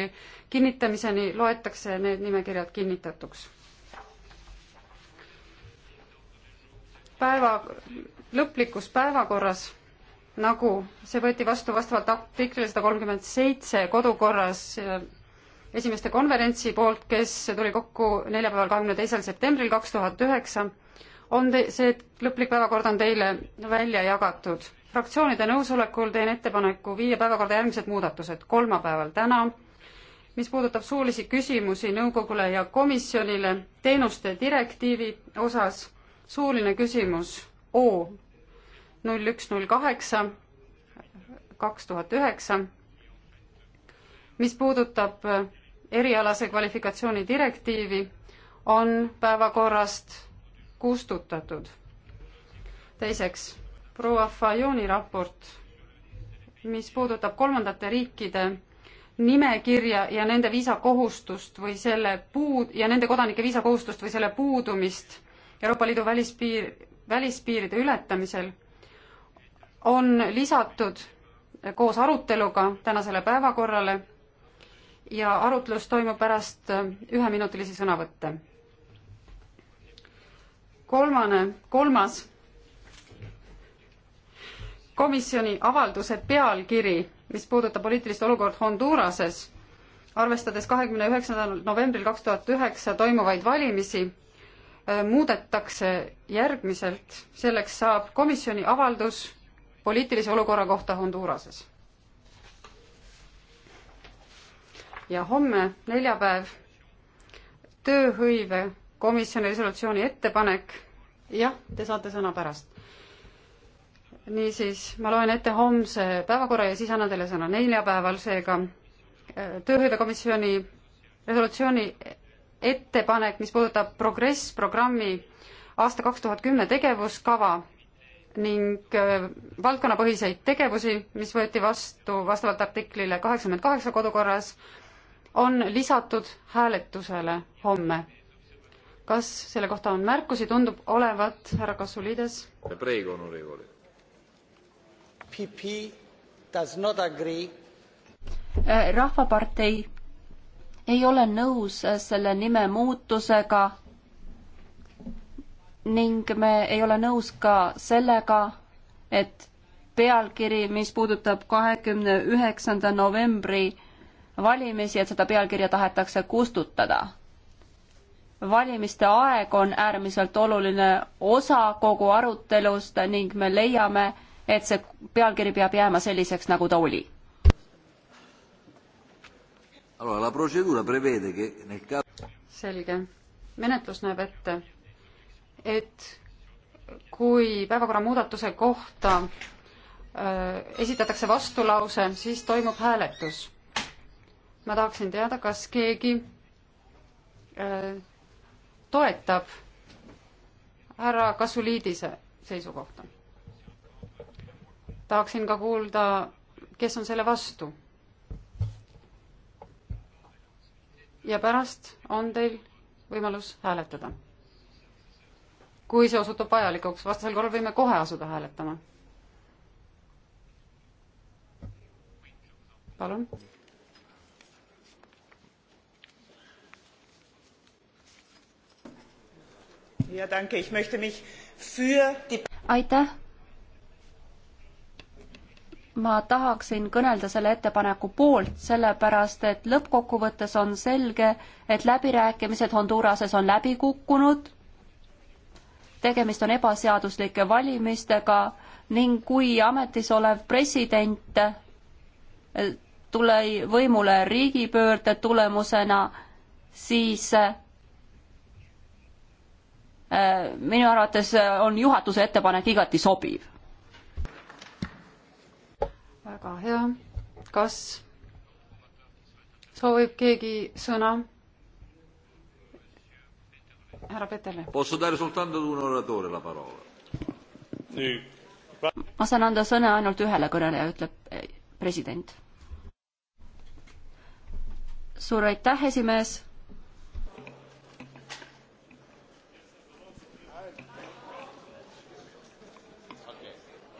nimekiri kinnitamiseni loetakse need nimekirjad kinnitatuks. päeva, lõplikus päevakorras, nagu see võeti vastu vastavalt artiklile sada kolmkümmend seitse kodukorras äh, esimeste konverentsi poolt, kes tuli kokku neljapäeval, kahekümne teisel septembril kaks tuhat üheksa, on te-, see lõplik päevakord on teile välja jagatud fraktsioonide nõusolekul teen ettepaneku viia päevakorda järgmised muudatused kolmapäeval täna mis puudutab suulisi küsimusi nõukogule ja komisjonile teenuste direktiivi osas, suuline küsimus O null üks null kaheksa kaks tuhat üheksa, mis puudutab äh, erialase kvalifikatsiooni direktiivi, on päevakorrast kustutatud. teiseks, proua Fajoni raport, mis puudutab kolmandate riikide nimekirja ja nende viisakohustust või selle puud- ja nende kodanike viisakohustust või selle puudumist Euroopa Liidu välispiir, välispiiride ületamisel, on lisatud koos aruteluga tänasele päevakorrale ja arutlus toimub pärast üheminutilisi sõnavõtte. kolmane, kolmas komisjoni avalduse pealkiri mis puudutab poliitilist olukorda Honduras'es, arvestades kahekümne üheksandal novembril kaks tuhat üheksa toimuvaid valimisi, äh, muudetakse järgmiselt, selleks saab komisjoni avaldus poliitilise olukorra kohta Honduras'es. ja homme, neljapäev, tööhõive komisjoni resolutsiooni ettepanek, jah, te saate sõna pärast niisiis, ma loen ette homse päevakorra ja siis annan teile sõna neljapäeval, seega äh, tööhõivekomisjoni resolutsiooni ettepanek, mis puudutab Progress programmi aasta kaks tuhat kümme tegevuskava ning äh, valdkonnapõhiseid tegevusi, mis võeti vastu vastavalt artiklile kaheksakümmend kaheksa kodukorras, on lisatud hääletusele homme. kas selle kohta on märkusi, tundub olevat, härra Kasulides? praegu on olukord EPP does not agree. Äh, rahvapartei ei ole nõus äh, selle nime muutusega ning me ei ole nõus ka sellega, et pealkiri, mis puudutab kahekümne üheksanda novembri valimisi, et seda pealkirja tahetakse kustutada. valimiste aeg on äärmiselt oluline osa kogu arutelust ning me leiame, et see pealkiri peab jääma selliseks, nagu ta oli. selge. menetlus näeb ette, et kui päevakorra muudatuse kohta öö, äh, esitatakse vastulause, siis toimub hääletus. ma tahaksin teada, kas keegi öö, äh, toetab härra Kasuliidise seisukohta tahaksin ka kuulda, kes on selle vastu. ja pärast on teil võimalus hääletada. kui see osutub vajalikuks, vastasel korral võime kohe asuda hääletama. palun. aitäh ma tahaksin kõnelda selle ettepaneku poolt, sellepärast et lõppkokkuvõttes on selge, et läbirääkimised Honduras'es on läbi kukkunud, tegemist on ebaseaduslike valimistega ning kui ametis olev president eh, tuli võimule riigipöörde tulemusena, siis eh, minu arvates on juhatuse ettepanek igati sobiv väga hea. kas soovib keegi sõna? härra Petele. ma saan anda sõna ainult ühele kõneleja, ütleb eh, president. suur aitäh, esimees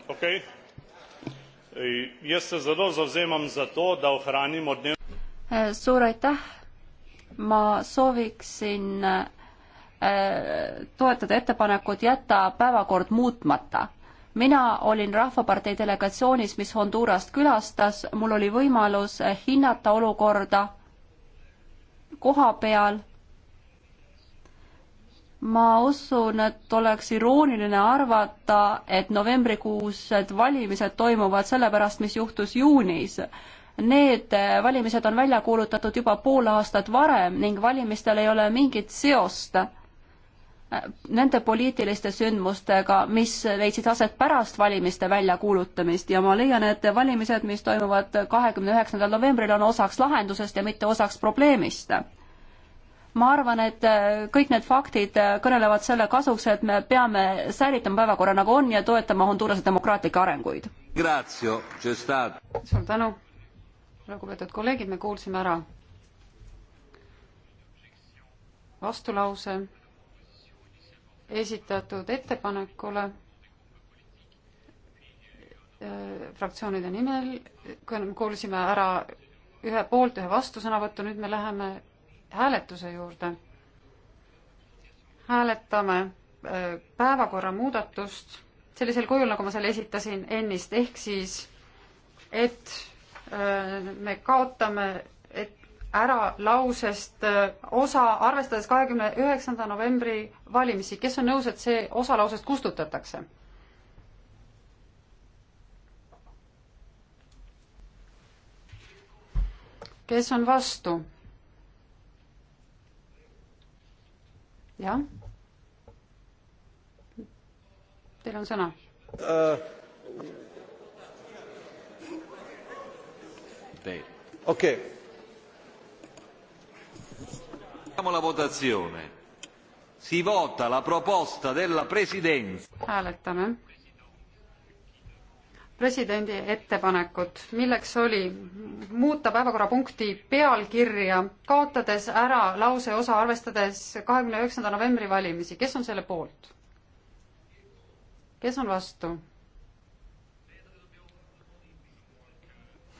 okay jaz se zelo zavzemam za to, da ohranimo dnevno. Eh, suur aitäh, ma sooviksin eh, toetada ettepanekut jätta päevakord muutmata. mina olin Rahvapartei delegatsioonis, mis Hondurast külastas, mul oli võimalus eh, hinnata olukorda koha peal ma usun, et oleks irooniline arvata, et novembrikuused valimised toimuvad sellepärast, mis juhtus juunis. Need valimised on välja kuulutatud juba pool aastat varem ning valimistel ei ole mingit seost nende poliitiliste sündmustega, mis leidsid aset pärast valimiste väljakuulutamist ja ma leian, et valimised, mis toimuvad kahekümne üheksandal novembril, on osaks lahendusest ja mitte osaks probleemist ma arvan, et äh, kõik need faktid äh, kõnelevad selle kasuks, et me peame säilitama päevakorra nagu on ja toetama Hondurase demokraatlikke arenguid. suur tänu, lugupeetud kolleegid, me kuulsime ära vastulause esitatud ettepanekule äh, fraktsioonide nimel, kuulsime ära ühe poolt, ühe vastusõnavõttu, nüüd me läheme hääletuse juurde. hääletame äh, päevakorra muudatust sellisel kujul, nagu ma selle esitasin ennist, ehk siis et äh, me kaotame et ära lausest äh, osa, arvestades kahekümne üheksanda novembri valimisi, kes on nõus, et see osa lausest kustutatakse? kes on vastu? jah. Teil on sõna uh,. Teil. okei okay.. Siamo alla votazione. Si vota la proposta della presidenza. Hääletame presidendi ettepanekut, milleks oli muuta päevakorrapunkti pealkirja, kaotades ära lause osa, arvestades kahekümne üheksanda novembri valimisi. kes on selle poolt? kes on vastu?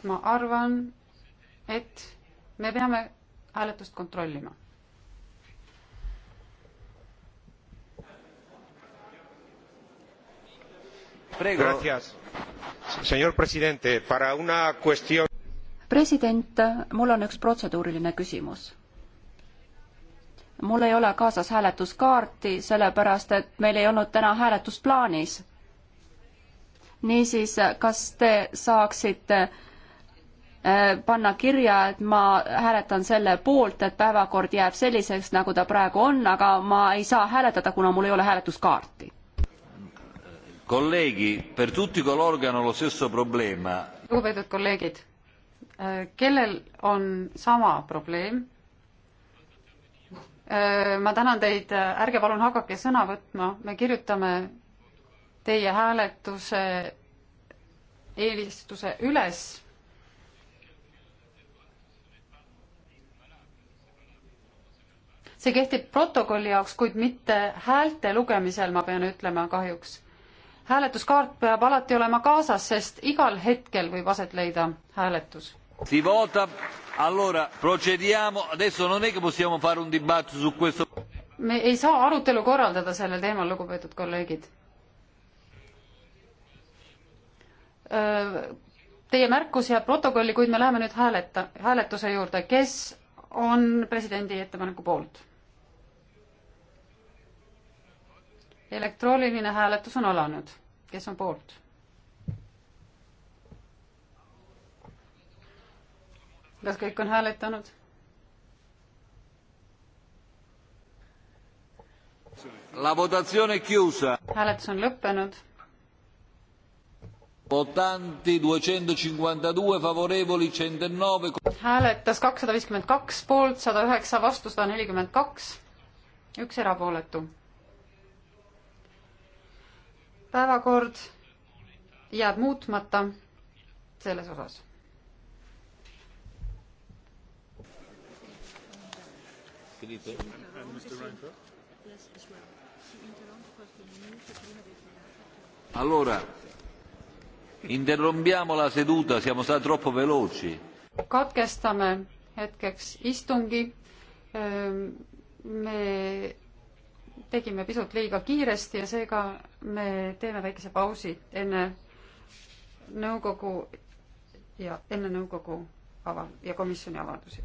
ma arvan, et me peame hääletust kontrollima. Gracias president, mul on üks protseduuriline küsimus. mul ei ole kaasas hääletuskaarti, sellepärast et meil ei olnud täna hääletus plaanis. niisiis, kas te saaksite äh, panna kirja, et ma hääletan selle poolt, et päevakord jääb selliseks, nagu ta praegu on, aga ma ei saa hääletada, kuna mul ei ole hääletuskaarti Colleghi, per tutti coloro che hanno lo stesso problema. lugupeetud kolleegid, eh, kellel on sama probleem? Eh, ma tänan teid, eh, ärge palun hakake sõna võtma, me kirjutame teie hääletuse eelistuse üles see kehtib protokolli jaoks, kuid mitte häälte lugemisel, ma pean ütlema kahjuks hääletuskaart peab alati olema kaasas, sest igal hetkel võib aset leida hääletus. Si vota, allora procediamo, adesso non è che possiamo fare un dibattito su questo. me ei saa arutelu korraldada sellel teemal, lugupeetud kolleegid. Teie märkus jääb protokolli, kuid me läheme nüüd hääleta, hääletuse juurde, kes on presidendi ettepaneku poolt? elektrooniline hääletus on alanud kes on poolt? kas kõik on hääletanud? hääletus on lõppenud. Votanti duecentocinquantadue favorevoli centonove. hääletas kakssada viiskümmend kaks poolt, sada üheksa vastu, sada nelikümmend kaks, üks erapooletu päevakord jääb muutmata selles osas. Allora, interrompiamo la seduta, siamo stati troppo veloci. katkestame hetkeks istungi. Ehm, me tegime pisut liiga kiiresti ja seega me teeme väikese pausi enne nõukogu ja enne nõukogu ava- ja komisjoni avaldusi.